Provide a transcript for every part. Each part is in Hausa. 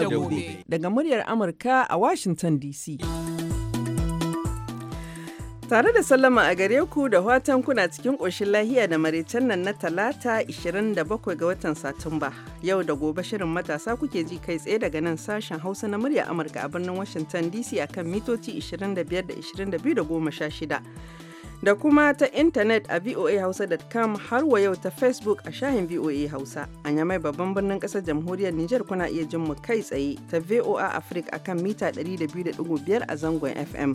da gobe daga muryar Amurka a Washington DC. Tare da sallama a gare ku da watan kuna cikin ƙoshin lahiya da maraicen nan na talata 27 ga watan Satumba. Yau da gobe shirin matasa kuke ji kai tsaye daga nan sashen Hausa na murya Amurka a birnin Washington DC akan mitoci 25 da 22 da 16. da kuma ta intanet a voahausa.com har wa yau ta facebook a shahin voa hausa a yamai babban birnin kasar jamhuriyar nijar kuna iya jin mu kai tsaye ta voa africa akan mita biyar a zangon fm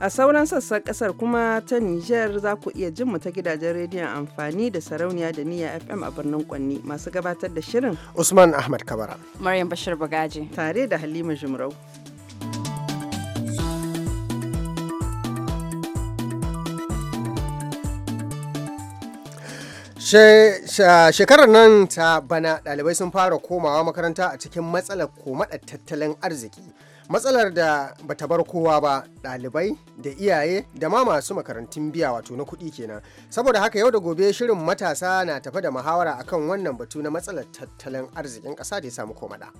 a sauran sassan kasar kuma ta nijar za ku iya jin mu ta gidajen rediyon amfani da sarauniya da niyya fm a birnin kwanni masu gabatar da shirin usman ahmad kabara maryam bashir bagaji tare da halima jumrau Shekarar nan ta bana dalibai sun fara komawa makaranta a cikin matsalar komaɗa tattalin arziki. Matsalar da bata bar kowa ba dalibai da iyaye da ma masu makarantun biya wato na kuɗi kenan. Saboda haka yau da gobe shirin matasa na tafi da muhawara akan wannan batu na matsalar tattalin arzikin ƙasa da ya samu komaɗa.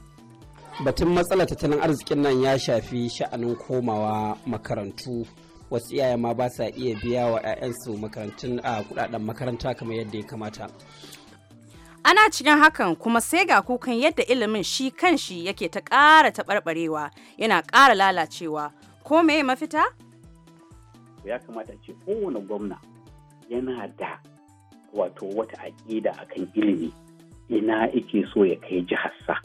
Batun matsalar tattalin arzikin nan ya shafi sha'anin komawa makarantu wasu iyayen ma ba sa iya biya wa 'ya'yansu makarantun a kudaden makaranta kamar yadda ya kamata ana cikin hakan kuma sai ga kukan yadda ilimin shi kanshi yake ta ƙara taɓarɓarewa yana ƙara lalacewa ko me mafita ya kamata ce kowane gwamna yana da wato wata aƙida akan ilimi ina ike so ya kai jihar sa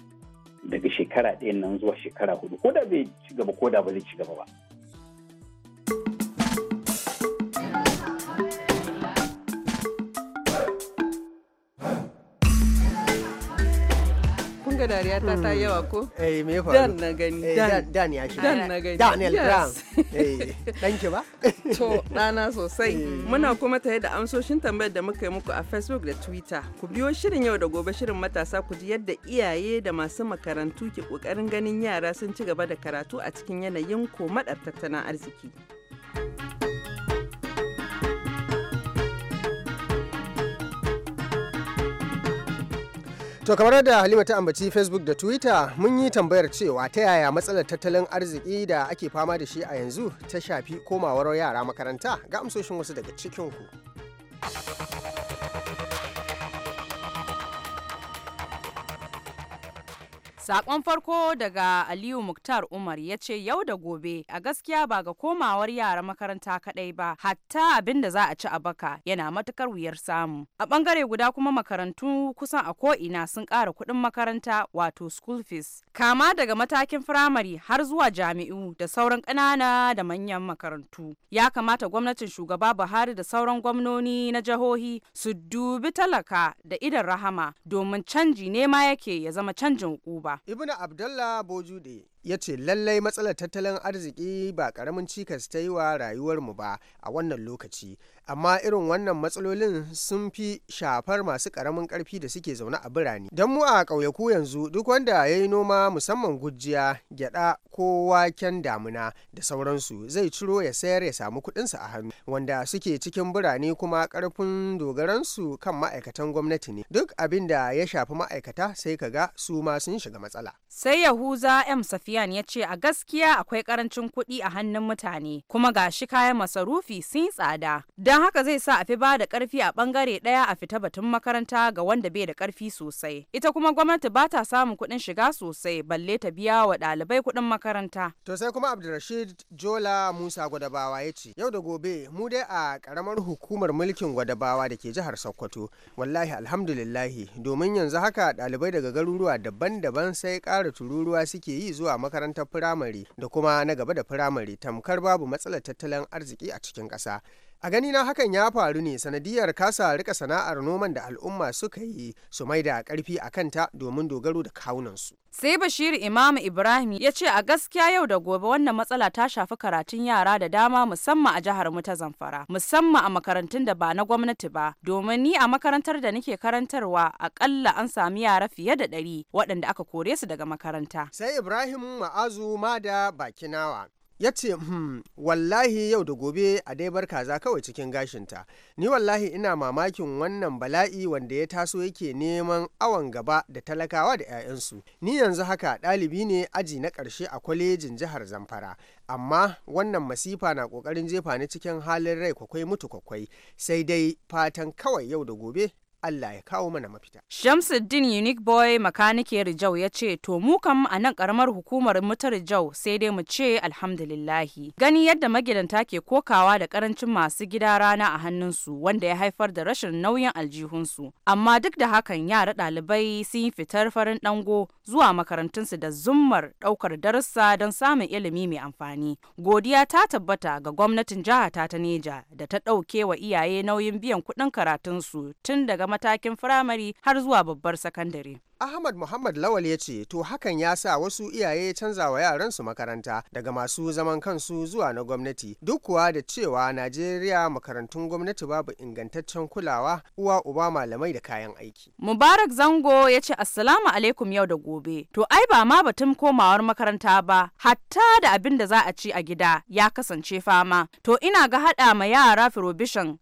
daga shekara ɗaya nan zuwa shekara hudu ko da bai ci gaba ko da ba zai ci gaba ba dariya ta ta hmm. yawa ko? Eh me ya faru? Dan na gani. Eh, dan Dan ya shi. Dan na gani. Daniel Brown. Eh ba? To ɗana sosai. Eh. Muna kuma ta da amsoshin tambayar da muka yi muku a Facebook da Twitter. Ku biyo shirin yau da gobe shirin matasa ku ji yadda iyaye da masu makarantu ke kokarin ganin yara sun ci gaba da karatu a cikin yanayin ko maɗar tattalin arziki. thank you To kamar da Halima ta ambaci Facebook da Twitter mun yi tambayar cewa ta yaya matsalar tattalin arziki da ake fama da shi a yanzu ta shafi komawar yara makaranta ga amsoshin wasu daga cikin ku Sakon farko daga Aliyu Muktar Umar ya ce yau da gobe a gaskiya ba ga komawar yara makaranta kaɗai ba hatta abin da za a ci a baka yana matukar wuyar samu. A bangare guda kuma makarantu kusan a ko'ina sun ƙara kuɗin makaranta wato school fees. Kama daga matakin firamare har zuwa jami'u da sauran ƙanana da manyan makarantu. Ya kamata gwamnatin shugaba Buhari da sauran gwamnoni na jihohi su dubi talaka da idan rahama domin canji ne ma yake ya zama canjin ƙuba. ibnu abdullah bojude ya ce lallai matsalar tattalin arziki ba karamin cikas ta yi wa rayuwarmu ba a wannan lokaci amma irin wannan matsalolin sun fi shafar masu karamin karfi da suke zaune a birane don mu a ƙauyaku yanzu duk wanda ya yi noma musamman gujiya gyada ko waken damuna da sauransu zai ciro ya sayar ya samu kuɗinsa a hannu wanda suke cikin birane kuma karfin dogaransu kan ma'aikatan gwamnati ne duk abin da ya shafi ma'aikata sai ka ga su ma sun shiga matsala sai yahuza m safi Sufiyan ya ce a gaskiya akwai karancin kuɗi a hannun mutane kuma ga shi kayan masarufi sun tsada. Don haka zai sa a fi ba da ƙarfi a ɓangare ɗaya a fita batun makaranta ga wanda bai da ƙarfi sosai. Ita kuma gwamnati ba ta samun kuɗin shiga sosai balle ta biya wa ɗalibai kuɗin makaranta. To sai kuma Abdulrashid Jola Musa Gwadabawa ya ce yau da gobe mu dai a ƙaramar hukumar mulkin Gwadabawa da ke jihar Sokoto wallahi alhamdulillahi domin yanzu haka ɗalibai daga garuruwa daban-daban sai ƙara tururuwa suke yi zuwa makarantar firamare da kuma na gaba da firamare tamkar babu matsalar tattalin arziki a cikin ƙasa A ganina hakan ya faru ne sanadiyar kasa rika sana'ar noman da al'umma suka yi su mai da karfi a kanta domin dogaro da kawunansu. Sai Bashir Imam Ibrahim ya ce a gaskiya yau da gobe wannan matsala ta shafi karatun yara da dama musamman a jihar mu ta Zamfara, musamman a makarantun da ba na gwamnati ba, domin ni a makarantar da nake karantarwa akalla an sami yara fiye da ɗari waɗanda aka kore su daga makaranta. Sai Ibrahim Ma'azu Mada Bakinawa ya ce hmm, wallahi yau da gobe a dai bar kaza kawai cikin gashinta ni wallahi ina mamakin wannan bala'i wanda ya taso yake neman awon gaba da talakawa da 'ya'yansu ni yanzu haka ɗalibi ne aji na ƙarshe a kwalejin jihar zamfara amma wannan masifa na ƙoƙarin jefa ni cikin halin rai kwakwai mutu kwakwai sai dai fatan kawai yau da gobe Allah ya kawo mana mafita. Shamsuddin Unique Boy makanike Rijau ya ce to mu kam a nan karamar hukumar mu Rijau sai dai mu ce alhamdulillahi. Gani yadda magidanta ke kokawa da karancin masu gida rana a hannunsu wanda ya haifar da rashin nauyin aljihunsu. Amma duk da hakan yara ɗalibai sun yi fitar farin ɗango zuwa makarantunsu da zummar ɗaukar darussa don samun ilimi mai amfani. Godiya ta tabbata ga gwamnatin jiha ta Neja da ta ɗauke wa iyaye nauyin biyan kuɗin karatunsu tun daga matakin firamare har zuwa babbar sakandare. Ahmad Muhammad Lawal ya ce to hakan ya sa wasu iyaye canza wa yaran su makaranta daga masu zaman kansu zuwa na gwamnati duk kuwa da cewa Najeriya makarantun gwamnati babu ingantaccen kulawa uwa uba malamai da kayan aiki. Mubarak Zango ya ce assalamu alaikum yau da gobe to ai ba ma batun komawar makaranta ba hatta da abin da za a ci a gida ya kasance fama to ina ga haɗa ma yara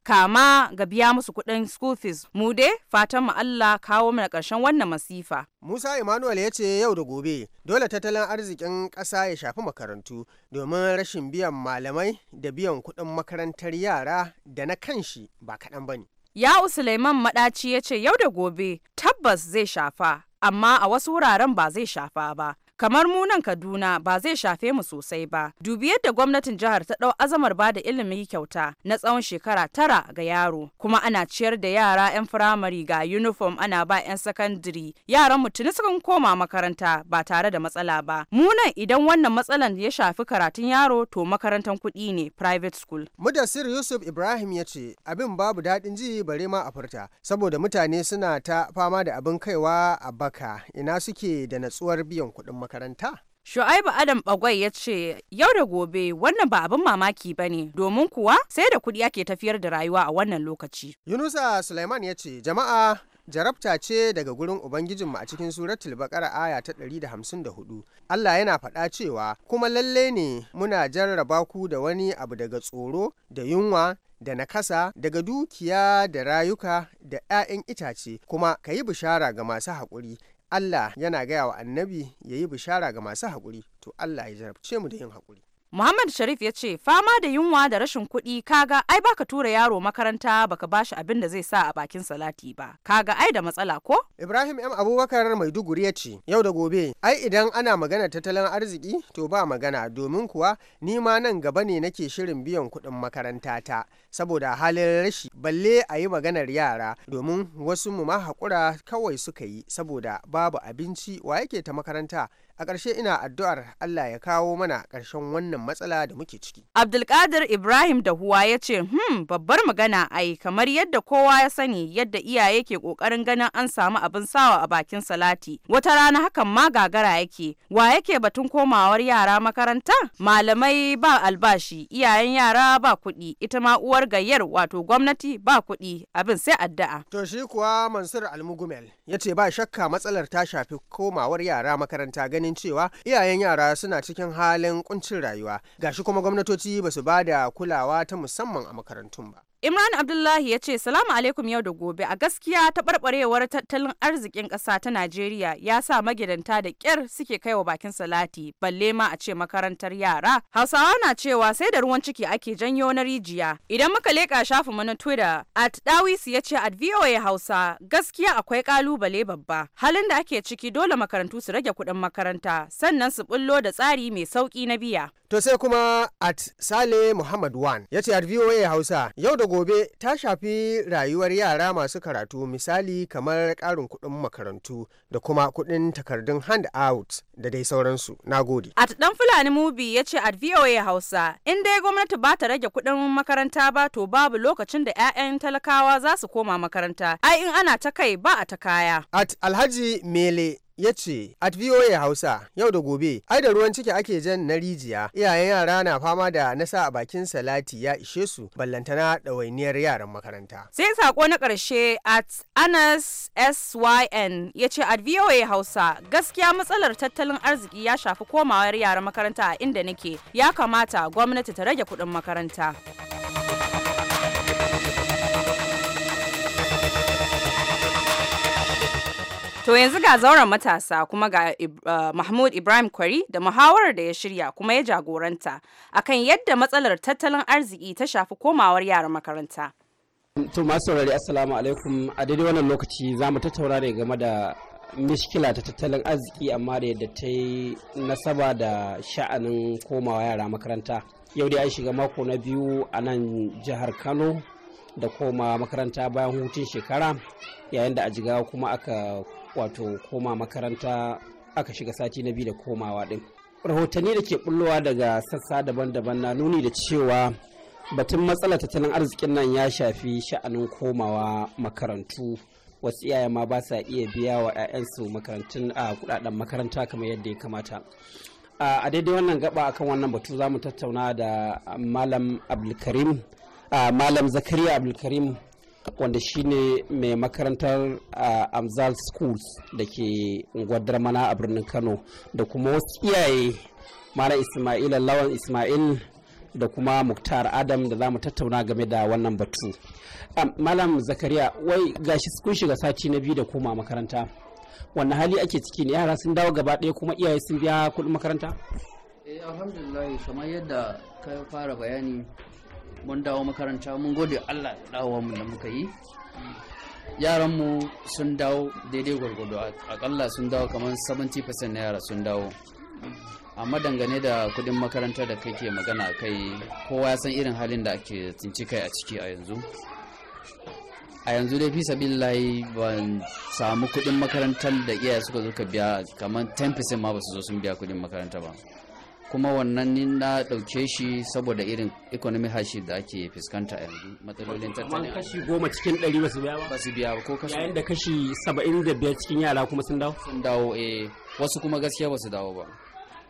kama ga biya musu kuɗin school fees dai fatan mu Allah kawo mana ƙarshen wannan masifa. Musa Emmanuel ya ce yau da gobe dole tattalin arzikin ƙasa ya shafi makarantu domin rashin biyan malamai da biyan kuɗin makarantar yara da na kanshi ba kaɗan ba ne. Ya'u Suleiman Maɗaci ya ce yau da gobe tabbas zai shafa amma a wasu wuraren ba zai shafa ba. kamar munan Kaduna ba zai shafe mu sosai ba. Dubi yadda gwamnatin jihar ta ɗau azamar ba da ilimi kyauta na tsawon shekara tara ga yaro, kuma ana ciyar da yara 'yan firamare ga uniform ana ba 'yan sakandiri. Yaran mu tuni sukan koma makaranta ba tare da matsala ba. Mu nan idan wannan matsalan ya shafi karatun yaro to makarantar kuɗi ne private school. Mudassir Yusuf Ibrahim ya ce abin babu daɗin ji bare ma a furta saboda mutane suna ta fama da abin kaiwa a baka ina suke da natsuwar biyan kuɗin makaranta? Shu'aibu Adam Bagwai ya ce yau da gobe wannan ba abin mamaki ba ne domin kuwa sai da kuɗi ake tafiyar da rayuwa a wannan lokaci. Yunusa Sulaiman ya ce jama'a jarabta ce daga gurin Ubangijinmu a cikin suratul Bakara aya ta 154. Allah yana faɗa cewa kuma lalle ne muna jarraba ku da wani abu daga tsoro da yunwa da nakasa daga dukiya da rayuka da 'ya'yan itace kuma ka yi bishara ga masu haƙuri Allah yana gaya wa annabi ya yi bishara ga masu haƙuri to Allah ya jarabce mu da yin haƙuri. Muhammad Sharif ya ce fama da yunwa da rashin kuɗi kaga ai baka tura yaro makaranta baka bashi abin da zai sa a bakin salati ba kaga ai da matsala ko? Ibrahim M Abubakar Maiduguri ya ce yau da gobe ai idan ana magana tattalin arziki to ba magana domin kuwa ni ma nan gaba ne nake shirin biyan kuɗin makaranta ta saboda halin rashi balle a yi maganar yara domin wasu mu ma haƙura kawai suka yi saboda babu abinci wa yake ta makaranta a ƙarshe ina addu'ar Allah ya kawo mana ƙarshen wannan matsala da muke ciki. Abdulkadir Ibrahim da Huwa ya ce, "Hmm, babbar magana ai, kamar yadda kowa ya sani yadda iyaye ke ƙoƙarin ganin an samu abin sawa a bakin salati. Wata rana hakan ma gagara yake, wa yake batun komawar yara makaranta? Malamai ba albashi, iyayen yara ba kuɗi, ita ma uwar gayyar wato gwamnati ba kuɗi abin sai addu'a. To shi kuwa Mansur Almugumel ya ce ba shakka matsalar ta shafi komawar yara makaranta ganin cewa iyayen yara suna cikin halin kuncin rayuwa gashi kuma gwamnatoci ba su ba da kulawa ta musamman a makarantun ba. Imran Abdullahi ya ce salamu alaikum yau da gobe a gaskiya taɓarɓarewar tattalin arzikin ƙasa ta Najeriya ya sa magidanta da ƙyar suke kai wa bakin salati balle ma a ce makarantar yara. Hausawa na cewa sai da ruwan ciki ake janyo na rijiya. Idan muka leƙa shafin mu na Twitter at dawisu ya ce at VOA Hausa gaskiya akwai kalubale babba. Halin da ake ciki dole makarantu su rage kuɗin makaranta sannan su bullo da tsari mai sauƙi na biya. To sai kuma at Sale Muhammad Wan ya ce at VOA Hausa yau da gobe ta shafi rayuwar yara masu karatu misali kamar karin kuɗin makarantu da kuma kuɗin takardun hand out da dai sauransu na gode. At ɗan Fulani Mubi ya ce at VOA Hausa in dai gwamnati ba ta rage kuɗin makaranta ba to babu lokacin da 'ya'yan talakawa za su koma makaranta ai in ana ta kai ba a ta kaya. At Alhaji Mele ya ce at voa hausa yau da gobe ai da ruwan ciki ake jan na rijiya iyayen yara na fama da nasa a bakin salati ya ishe su ballantana ɗawainiyar yaran makaranta sai sako na ƙarshe at anas syn ya ce at voa hausa gaskiya matsalar tattalin arziki ya shafi komawar yaran makaranta a inda nake ya kamata gwamnati ta rage kuɗin makaranta. To yanzu ga zauren matasa kuma ga uh, Mahmud Ibrahim Kwari da muhawarar da ya shirya kuma ya jagoranta akan yadda matsalar tattalin arziki ta shafi komawar yara makaranta. To masu saurari assalamu alaikum a daidai wannan lokaci za mu tattauna ne game da mishkila ta tattalin arziki amma da yadda ta yi nasaba da sha'anin komawa yara makaranta. Yau dai an shiga mako na biyu a nan jihar Kano da koma makaranta bayan hutun shekara yayin da a jigawa kuma aka wato koma makaranta aka shiga sati na biyu da komawa din rahotanni da ke bullowa daga sassa daban-daban na nuni da cewa batun matsalar tattalin arzikin nan ya shafi sha'anin komawa makarantu wasu iyaye ma ba sa iya biya wa 'ya'yansu makarantun a kudaden makaranta kamar yadda ya kamata a daidai wannan gaba akan wannan batu za mu tattauna da malam abdulkarim Ah, malam zakariya abdulkarim wanda shine mai makarantar ah, amzal schools da ke gwadar mana a birnin kano da kuma wasu iyaye mana ismail lawan ismail da kuma muktar adam da za mu tattauna game da wannan batu ah, malam zakariya wai ga shi kun shiga sati na biyu da koma makaranta wannan hali ake ciki ne yara sun dawo gaba ɗaya kuma iyaye sun biya kuɗin makaranta eh alhamdulillah kamar yadda ka fara bayani mun dawo makaranta mun gode allah da dawo mu da muka yi yaranmu sun dawo daidai gwargwado akalla sun dawo kamar 70% na yara sun dawo amma dangane da kudin makaranta da kake magana kai kowa ya san irin halin da ake tsinci kai a ciki a yanzu a yanzu dai fi sabillahi ban samu kudin makarantar da iyaye suka zo ka biya kamar 10% ma ba su zo sun biya kudin makaranta ba kuma wannan ni na dauke shi saboda irin economy hardship da ake fuskanta yanzu matsalolin tattalin kashi goma cikin ɗari ba su biya ba ba su biya ba ko kashi yayin da kashi saba'in da biyar cikin yara kuma sun dawo sun dawo eh wasu kuma gaskiya ba su dawo ba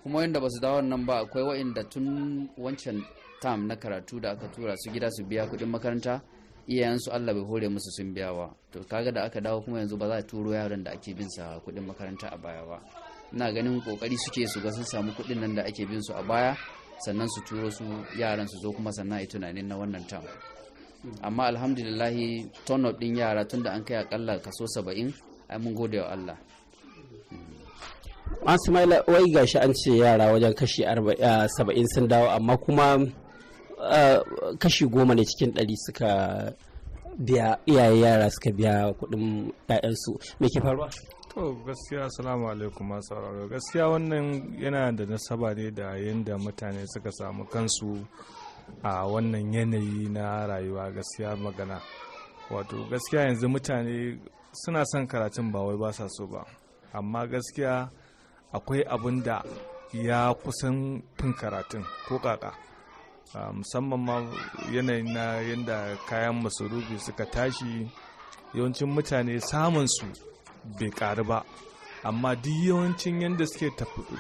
kuma wanda ba su dawo nan ba akwai wa'inda tun wancan tam na karatu da aka tura su gida su biya kuɗin makaranta iyayensu Allah bai hore musu sun biya ba to kaga da aka dawo kuma yanzu ba za a turo yaran da ake bin sa kuɗin makaranta a baya ba ina ganin kokari suke su ga sun samu kuɗin nan da ake bin su a baya sannan su turo su yaran su zo kuma sannan yi tunanin na wannan tam amma alhamdulillahi ton of din yara tun da an kai akalla kaso saba'in ai mun gode wa Allah an samaila wai gashi an ce yara wajen kashi saba'in sun dawo amma kuma kashi goma ne cikin ɗari suka biya iyaye yara suka biya kuɗin 'ya'yansu me ke faruwa to gaskiya assalamu alaikum masu sauraro gaskiya wannan yana da nasaba ne da yadda mutane suka samu kansu a wannan yanayi na rayuwa gaskiya magana wato gaskiya yanzu mutane suna son karatun ba wai ba sa so ba amma gaskiya akwai abin da ya kusan fin karatun ko kaka musamman ma yanayi na yadda kayan masarufi suka tashi yawancin mutane samun su bai karu ba amma duk yawancin yadda suke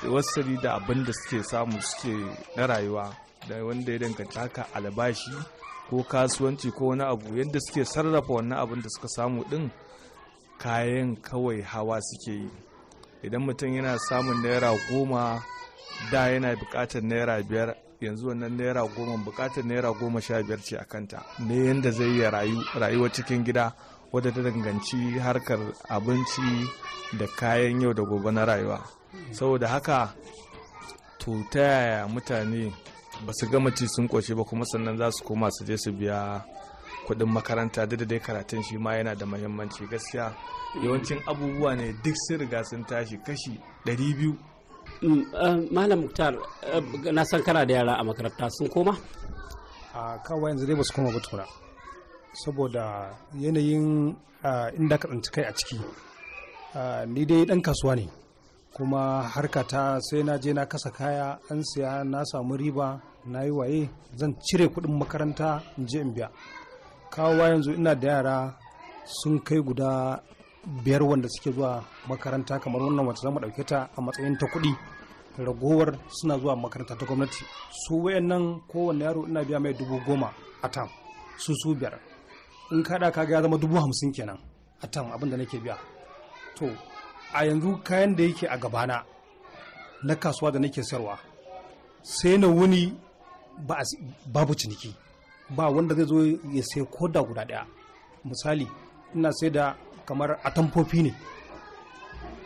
wasari da abin da suke samu suke na rayuwa da wanda ya danganci haka albashi ko kasuwanci ko wani abu yadda suke sarrafa wannan abin da suka samu din kayan kawai hawa suke yi idan mutum yana samun naira goma da yana bukatar naira biyar yanzu wannan naira goma bukatar naira goma sha biyar ce a kanta ne yadda zai iya rayuwa cikin gida wadda ta danganci harkar abinci da kayan yau da gobe na rayuwa saboda haka to ta yaya mutane ba su gama ci sun koshi ba kuma sannan za su koma su je su biya kuɗin makaranta da dai karatun shi ma yana da mahimmanci gaskiya yawancin abubuwa ne duk sun riga sun tashi kashi 200 mm, eh, malam muktar eh, na san kana da yara a makaranta sun koma a kawai yanzu dai ba su koma ba tura saboda yanayin inda ka tsanci kai a ciki ni dai ɗan kasuwa ne kuma harka ta sai na je na kasa kaya an siya na samu riba na yi waye zan cire kuɗin makaranta in je in biya kawowa yanzu ina da yara sun kai guda biyar wanda suke zuwa makaranta kamar wannan wacce zama dauke ta a matsayin ta kuɗi ragowar suna zuwa makaranta ta gwamnati su wayannan kowane yaro ina biya mai dubu goma a tam su su biyar in kaɗa kaga ya zama dubu hamsin kenan a tan abin da nake biya to a yanzu kayan da yake a gabana na kasuwa da nake sayarwa sai na wuni babu ciniki ba wanda zai zo ya sai da guda ɗaya misali ina sai da kamar atamfofi ne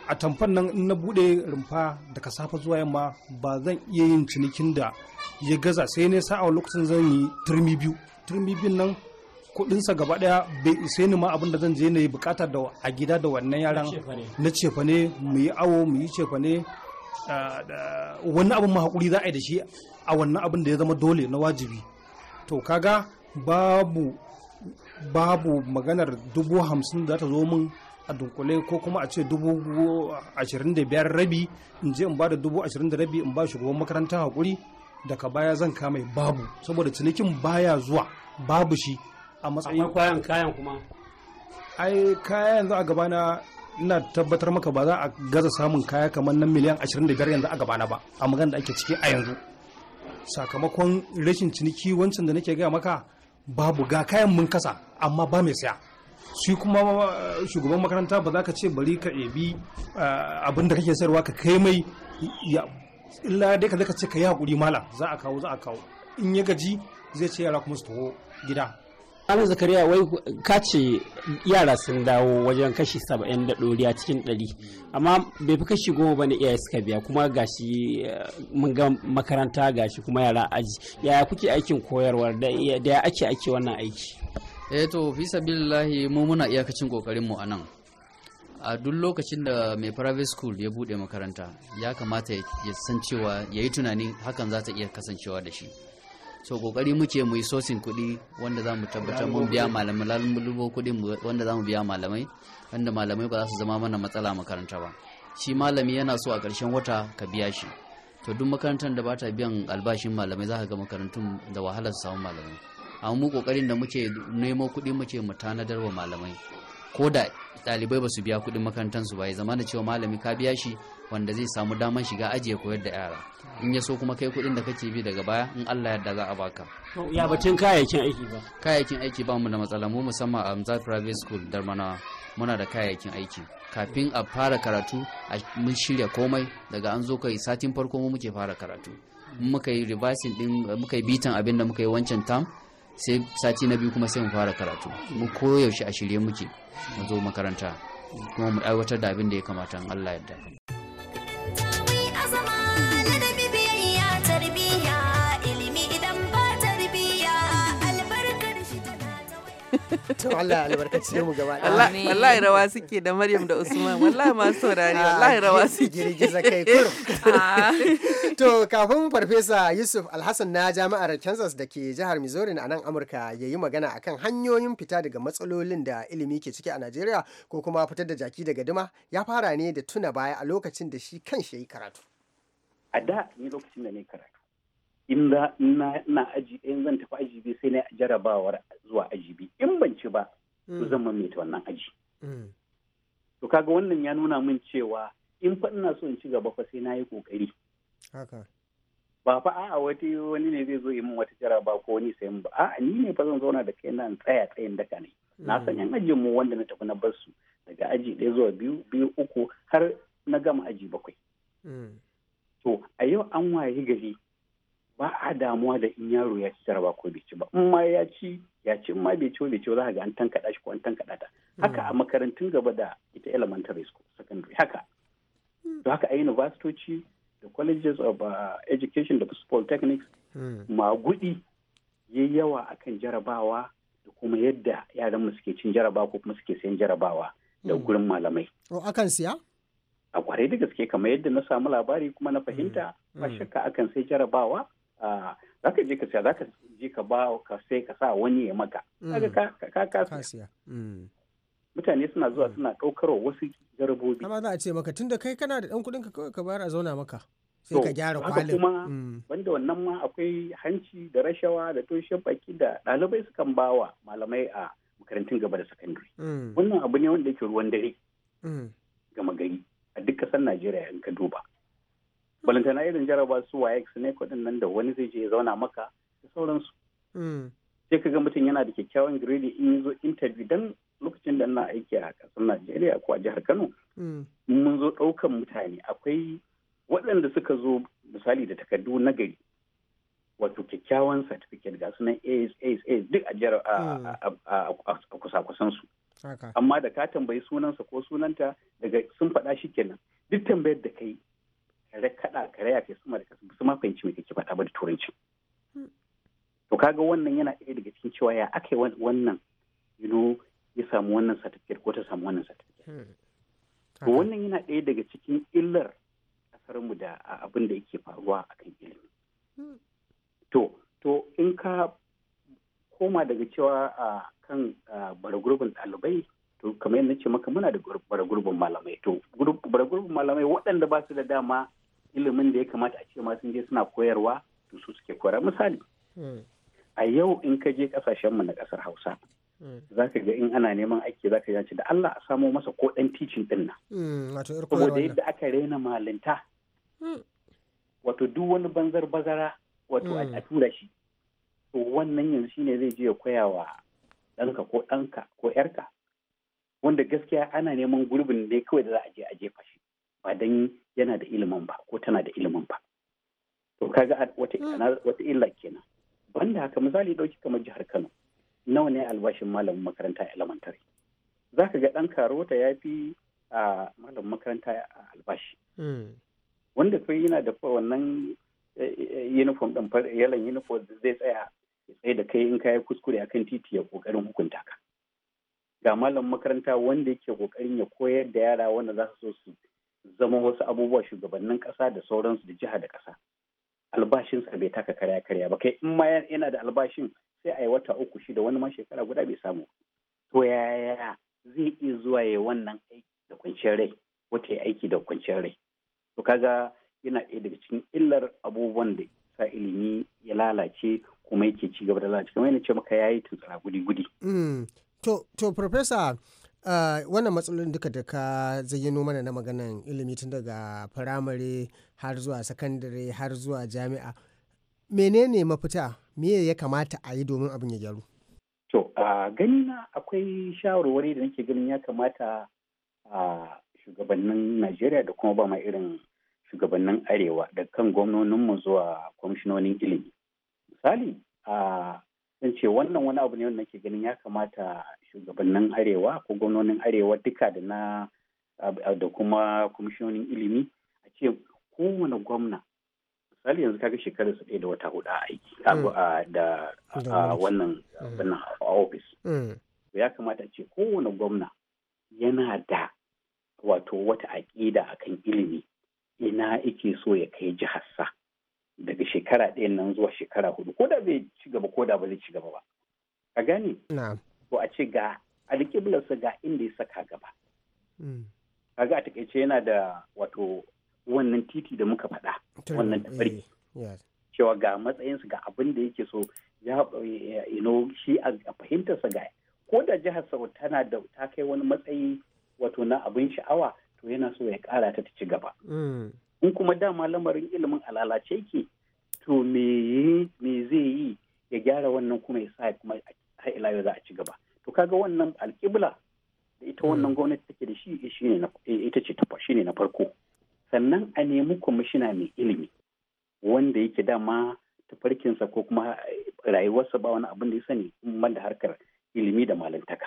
a tamfan nan in na bude rumfa daga safa zuwa yamma ba zan iya yin cinikin da ya gaza sai ne sa'a lokacin zan yi turmi biyu turmi biyun nan kudinsa gaba daya bai isa ni ma abin da zan je na yi bukatar da a gida da wannan yaran na cefa ne mu yi awo mu yi cefa ne ah, wani abin mahakuri za a yi da shi a wannan abin da ya zama dole na wajibi to kaga babu babu maganar dubu hamsin da ta zo min a dunkule ko kuma a ce dubu ashirin da biyar rabi in je in ba da dubu ashirin da rabi in ba shugaban makarantar hakuri daga baya zan kame babu saboda cinikin baya zuwa babu shi a matsayin kayan kayan kuma ai kaya yanzu a gabana ina tabbatar maka ba za a gaza samun kaya kamar nan miliyan 25 yanzu a gabana ba a magana da ake ciki a yanzu sakamakon rashin ciniki wancan da nake gaya maka babu ga kayan mun kasa amma ba mai saya shi kuma eh, shugaban makaranta ba za ka ce bari ka ebi eh, abin da kake sayarwa ka kai mai illa dai ka ce ka yi hakuri malam za a kawo za a kawo in ya gaji zai ce yara kuma su taho gida Alan Zakariya wai ka ce yara sun dawo wajen kashi saba'in da ɗoriya cikin ɗari amma bai fi kashi goma ba na iyaye suka biya kuma gashi eh, mun ga makaranta gashi kuma yara aji yaya kuke aikin koyarwar da ya ake ake wannan aiki. Eh to fi sabilillahi mu muna iyakacin kokarin mu anan. a duk lokacin da mai private school ya bude makaranta ya kamata ya san cewa ya yi tunanin hakan za ta iya kasancewa da shi so kokari muke mu yi sosin kuɗi wanda za mu tabbatar mun biya malamai kuɗi wanda za mu biya malamai wanda malamai ba za su zama mana matsala makaranta ba shi malami yana so a ƙarshen wata ka biya shi to duk makarantar da ba ta biyan albashin malamai za ka ga makarantun da wahala su samu malamai amma mu kokarin da muke nemo kuɗi muke mu tanadar wa malamai ko da ɗalibai ba su biya kuɗin makarantar su ba ya zama da cewa malami ka biya shi wanda zai samu daman shiga ajiye koyar da yara in ya so kuma kai kuɗin da kake bi daga baya in Allah yarda za a baka ya batun kayayyakin aiki ba kayayyakin aiki ba mu da matsala mu musamman a Amza Private School Darmanawa muna da kayayyakin aiki kafin a fara karatu a mun shirya komai daga an zo kai satin farko mu muke fara karatu muka yi revising din muka yi bitan abin da muka yi wancan tam sai sati na biyu kuma sai mu fara karatu mu koyaushe a shirye muke mu zo makaranta kuma mu aiwatar da abin da ya kamata in Allah yarda to Allah albarkace mu gaba ɗaya wallahi rawa suke da Maryam da Usman wallahi masu saurari ah, wallahi rawa suke girgiza kai kurum ah. to kafin farfesa Yusuf Alhassan na jami'ar Kansas da ke jihar Missouri a nan Amurka ya yi magana akan hanyoyin fita daga matsalolin da ilimi ke ciki a Najeriya ko kuma fitar da jaki daga duma ya fara ne da tuna baya a lokacin da shi kan shi ya yi karatu a da ni lokacin da ne karatu in za na aji ɗaya zan tafi aji bi sai na jarabawar zuwa aji biyu in ban ci ba to mm. zan mamaita wannan aji mm. to kaga wannan ya nuna min cewa in fa ina so in ci gaba fa sai na yi kokari haka ba fa a'a wata wani ne zai zo yi min wata jaraba ko wani sayan ba a'a ni ne fa zan zauna da kaina in tsaya tsayin daka ne mm. na san yan ajin mu wanda na tafi na bar su daga aji ɗaya zuwa biyu biyu uku har na gama aji bakwai to a yau an waye gari ba a damuwa da in yaro ya ci jaraba ko bai ci ba in ma ya ci ya ci in ma bai ci ba bai ci ba za ka ga an tankaɗa shi ko an tankaɗa ta haka a hmm. makarantun gaba da ita elementary school secondary haka hmm. to haka a university da colleges of uh, education da polytechnics hmm. magudi yayi yawa akan jarabawa da kuma yadda mu suke cin jarabawa ko kuma suke sayan jarabawa da gurin malamai. O akan siya? A kwarai da gaske kamar yadda na samu labari kuma na fahimta ba shakka akan sai jarabawa za ka je ka siya za ka je ka ba ka sai ka sa wani ya maka mm. ka ka ka siya mm. mutane suna zuwa mm. suna kaukarwa wasu jarabobi amma za a ce maka tun da kai kana da ɗan kuɗin ka kawai ka bayar a zauna maka sai ka gyara kwalin kuma banda wannan ma akwai hanci da rashawa da toshe baki da ɗalibai sukan wa malamai a makarantun gaba da sakandare wannan abu ne wanda yake ruwan dare gama gari a duk ƙasar najeriya in ka duba balantana irin jaraba su wayex ne kuɗin nan da wani zai je ya zauna maka da sauransu hmm. sai ka ga mutum yana da kyakkyawan giredi in yi zo interview don lokacin da na aiki a kasar najeriya ko a jihar kano hmm. mun zo ɗaukan mutane akwai waɗanda suka zo misali da takardu na gari wato kyakkyawan satifiket ga sunan AS duk a jihar a hmm. kusa-kusan su amma da ka tambayi sunansa ko sunanta daga sun faɗa shi kenan duk tambayar da kai kare kada kare ya kai suma da kasu su ma fahimci me kake faɗa ba da turanci hmm. to kaga wannan yana ɗaya daga cikin cewa ya aka wannan you ya samu wannan certificate ko ta samu wannan certificate hmm. to wannan yana ɗaya daga cikin illar kasarmu da abin da yake faruwa akan ilimi hmm. to to in ka koma daga cewa a kan bargurbin ɗalibai muna da gurbin malamai to bara gurbin malamai waɗanda ba su da dama ilimin da ya kamata a ce ma sun je suna koyarwa to su suke koyar misali hmm. a yau in ka je kasashen mu na ƙasar Hausa hmm. za ka ga in ana neman aiki za ka ga da Allah a samo masa ko ɗan ticin ɗin nan hmm, saboda yadda aka raina malinta wato duk wani banzar bazara wato a tura shi to wannan yanzu shine zai je ya koya wa ɗanka ko ɗanka ko ‘yarka wanda gaskiya ana neman gurbin ne kawai da za a je a jefa shi ba don yana da ilimin ba ko tana da ilimin ba to kaga hmm. wata illa kenan banda haka misali dauki kamar jihar Kano nawa ne albashin malamin makaranta elementary zaka ga dan karota fi a malamin makaranta albashi hmm. wanda kai yana da wannan eh, eh, uniform din yalan uniform zai tsaya sai da kai in kai kuskure akan titi ya kokarin hukunta ka ga malam makaranta wanda yake kokarin ya koyar da yara wanda za su so su zama wasu abubuwa shugabannin kasa da sauransu da jiha da kasa albashinsa bai taka karya karya ba kai in ma yana da albashin sai a yi wata uku shi da wani ma shekara guda bai samu to yaya zai iya zuwa ya wannan aiki da kwanciyar rai wata ya aiki da kwanciyar rai to kaga yana ɗaya daga cikin illar abubuwan da sa ilimi ya lalace kuma yake ci gaba da lalace kamar yana ce maka yayi tuntsara gudi gudi mm. To, to Profesa, uh, eh, wannan matsalolin duka da ka zayyano mana na maganan ilimi tun daga firamare har zuwa sakandare har zuwa jami'a. Menene mafita? Me ya kamata a yi domin abin ya gyaru? To, a gani na akwai shawarwari da nake ganin ya kamata a shugabannin Najeriya da kuma ba ma irin shugabannin Arewa da kan mu zuwa kwamishinonin ilimi. Misali, a zan ce wannan wani abu ne wanda nake ganin ya kamata shugabannin arewa ko gwamnonin arewa duka da na da kuma kwamishinonin ilimi a ce kowane gwamna misali yanzu kaga shekarar su ɗaya da wata hudu a aiki mm. da wannan wannan mm. a ofis mm. ya kamata ce kowane gwamna yana da wato wata aƙida akan ilimi ina ike so ya kai jihar sa daga shekara ɗaya nan zuwa shekara hudu ko da bai ci gaba ko da ba zai ci gaba ba a gane ko a ce ga alƙiblarsa ga inda ya saka gaba hmm. kaga a takaice yana da wato wannan titi da muka faɗa wannan tafarki eh, cewa ga matsayinsa ga abin da yake so ya eh, shi a fahimtarsa ga ko da jihar sau tana da ta kai wani matsayi wato na abin sha'awa to yana so ya ƙara ta ci gaba hmm. in kuma dama lamarin ilimin alalace yake to me zai yi ya gyara wannan kuma ya sa kuma har ila yau za a ci gaba to kaga wannan alƙibla da ita wannan hmm. gwamnati take da shi ita ce ta shine na farko sannan a nemi kwamishina mai ilimi wanda yake dama tafarkinsa ko kuma rayuwarsa ba wani abin da ya sani ban da harkar ilimi da malantaka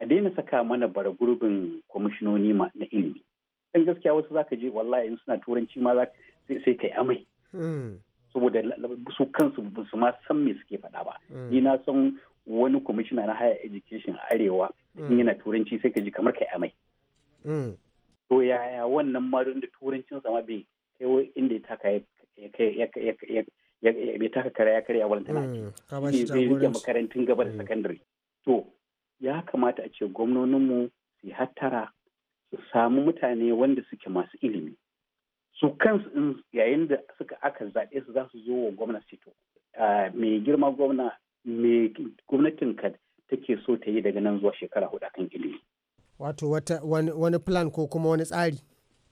a daina saka mana bara gurbin kwamishinoni na ilimi dan gaskiya wasu zaka je wallahi in suna turanci ma za sai kai amai hmm. saboda su kansu ba su ma san me suke faɗa ba hmm. ni na san wani kwamishina na higher education arewa in hmm. yana turanci sai ka ji kamar kai amai to yaya wannan ma da turancin ma bai kai inda ya taka ya taka kara ya karya walanta tana ce zai makarantun gaba da sakandare to ya kamata a ce gwamnoninmu su hattara su samu mutane wanda suke masu ilimi su kansu in yayin da suka aka zaɓe su za su zo wa gwamna to mai girma gwamna mai gwamnatin ka take so ta yi daga nan zuwa shekara hudu kan ilimi wato wani plan ko kuma wani tsari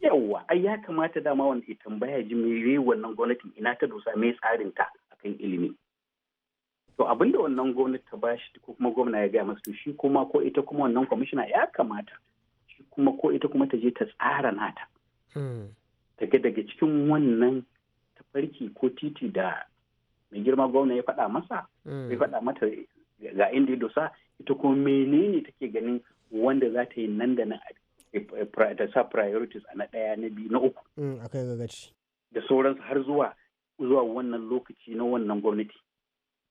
yawwa ai ya kamata dama wanda ya tambaya ji me wannan gwamnatin ina ta dosa me tsarin ta akan ilimi to abinda wannan gwamnati ta bashi ko kuma gwamna ya gaya masu shi kuma ko ita kuma wannan kwamishina ya kamata kuma ko ita kuma ta je ta tsara nata hmm. daga daga cikin wannan tafarki ko titi da mai girma gwamna ya faɗa masa hmm. ya faɗa mata ga inda ya dosa ita ko menene take ganin wanda za ta yi nan da nan eh, eh, ta sa priorities a na ɗaya na biyu na uku hmm, da sauransu har zuwa zuwa wannan lokaci na wannan gwamnati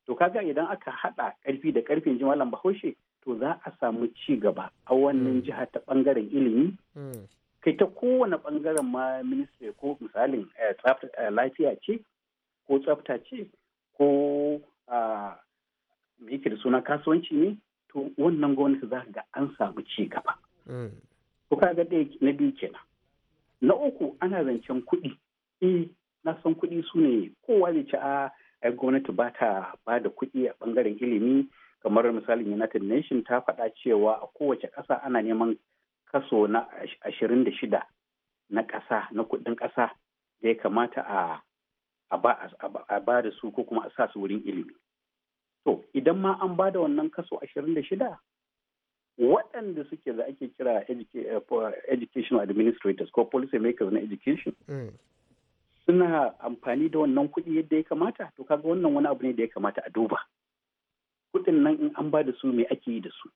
to kaga idan aka haɗa ƙarfi da ƙarfin ji malam bahaushe to za a samu ci gaba a wannan mm. jiha ta ɓangaren ilimi mm. kai ta kowane ɓangaren ma ministry ko misalin eh, eh, lafiya ce ko tsafta ce ko ah, me da suna kasuwanci ne to wannan gwamnati za ga an samu ci gaba ko mm. kaga ɗaya na biyu kenan na uku ana zancen kuɗi eh na san kuɗi su ne kowa zai ci a ah, ai gwamnati ba ta ba da kuɗi a ɓangaren ilimi kamar misalin united nation ta faɗa cewa a kowace ƙasa ana neman kaso na ashirin da shida na ƙasa na kuɗin ƙasa da ya kamata a ba da su ko kuma a sa su wurin ilimi to idan ma an ba da wannan kaso ashirin da shida waɗanda suke da ake kira eh, educational administrators ko policy makers na education mm. suna amfani da wannan kuɗi yadda ya kamata to kaga wannan wani abu ne da ya kamata a duba kuɗin nan in an ba da su me ake yi da su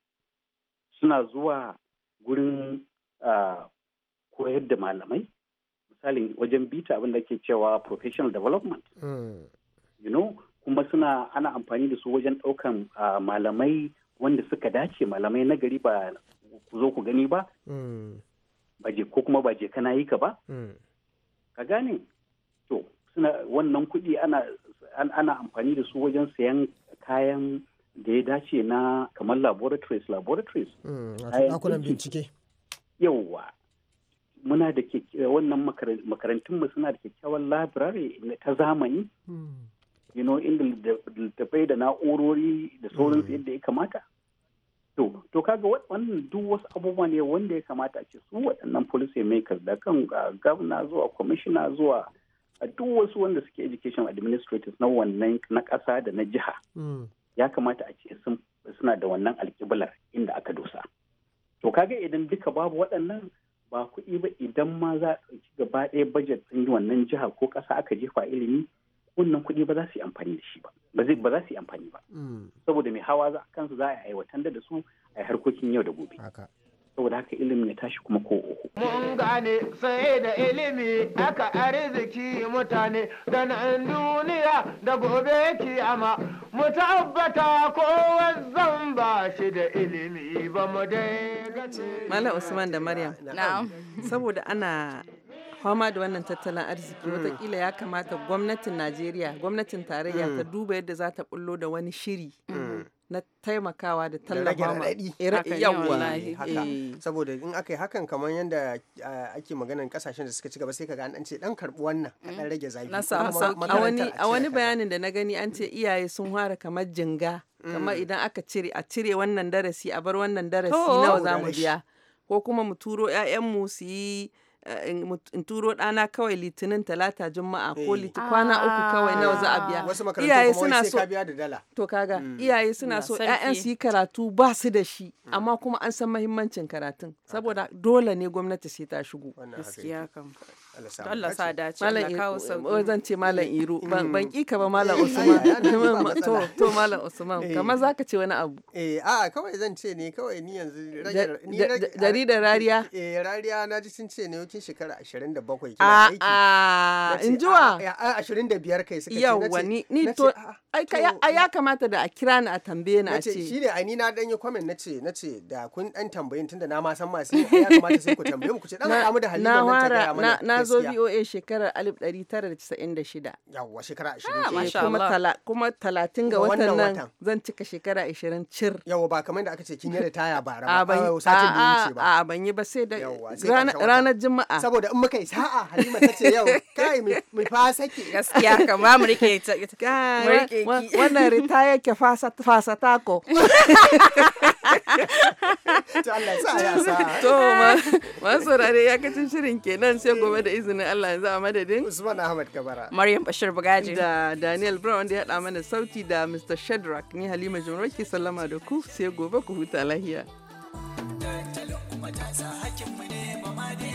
suna zuwa gurin koyar da malamai misalin wajen bita abin da ke cewa professional development hmm. you know kuma suna ana amfani da su wajen ɗaukan malamai wanda suka dace malamai na gari ba ku zo ku gani ba hmm. ko kuma ba je kana yi ka ba hmm. ka gane to suna wannan kuɗi ana amfani da su wajen sayan kayan da ya dace na kamar laboratories laboratories hmm, kayan bincike yawwa muna da wannan makarantunmu suna da kyakkyawan library ta zamani hmm. you know inda da na'urori da su hmm. yadda ya kamata to to kaga wannan duk wasu abubuwa ne wanda ya kamata a ce su waɗannan policy makers da kan gwamna zuwa kwamishina zuwa a duk wasu wanda suke education administrators na wannan na ƙasa da na jiha mm. ya kamata a ce suna da wannan alƙiblar inda aka dosa to kaga idan duka babu waɗannan ba kuɗi ba idan ma za a ɗauki gaba ɗaya budget ɗin wannan jiha ko ƙasa aka jefa ilimi wannan kuɗi ba za su yi amfani da shi ba ba za su yi amfani ba mm. saboda mai hawa kansu za a aiwatar da su a yi harkokin yau da gobe saboda haka ilimin ya tashi kuma ko uku. Mun gane sai da ilimi aka arziki mutane da nan duniya da gobe kiyama mu tabbata ko zan ba shi da ilimi ba mu dai Malam Usman da Maryam. Na'am. Saboda ana fama da wannan tattalin arziki watakila ya kamata gwamnatin Najeriya, gwamnatin tarayya ta mm. duba yadda za ta bullo da wani shiri. Mm. na taimakawa da tallafa ma yawa eh, eh. saboda in aka yi hakan kamar yadda eh, ake maganan kasashen da suka ci gaba sai kaga an ce dan karbi wannan kadan mm. rage zafi a wani bayanin da na gani an ce iyaye sun fara kamar jinga kamar mm. idan aka cire a cire wannan darasi a bar wannan darasi nawa zamu biya ko kuma mu turo 'ya'yanmu su yi in turo ɗana kawai litinin talata juma'a ko eh. liti kwana uku kawai nawa za a ah. biya hmm. iyaye suna so to kaga iyaye suna so ƴaƴan su yi karatu ba su da shi hmm. amma kuma an san mahimmancin karatun saboda dole ne gwamnati sai ta shigo Allah sa dace Allah kawo sauki zan ce malam eh, Iru ban ki mm. ka ba malam eh, Usman to to malam Usman eh. kamar zaka ce wani abu eh a kawai zan ce ne kawai ni yanzu jaridar rariya eh rariya na ji sun ce ne yakin shekara 27 kina aiki a in jiwa 25 kai suka ce yawa ni ni to ai ya kamata da a kira ni a tambaye ni a ce shine ai ni na dan yi comment nace nace da kun dan tambayin tunda na ma san ma sai ya kamata sai ku tambaye mu ku ce dan alamu da halima nan ta ga mana zo VOA shekarar 1996. Yawwa shekara 20. Ah, ha, Kuma talatin ga watan nan zan cika shekara 20 cir. Yawwa ba kamar da aka ce kin yi ritaya ba ah, ba satin da ah, wuce ba. A ban yi ba sai da ranar Juma'a. Saboda in muka yi sa'a Halima ta ce yau kai mu fasa ki. Gaskiya kama mu rike ta. Wannan ritaya ke fasa tako. To Allah sa ya sa. To ma ma saurare ya kacin shirin kenan sai gobe da da izinin Allah yanzu a madadin Usman Ahmad Kabara Maryam Bashir Bugaji da Daniel Brown wanda ya haɗa mana sauti da Mr. Shadrack ni Halima Jumar ke sallama da ku sai gobe ku huta lahiya. kuma ta sa ne ba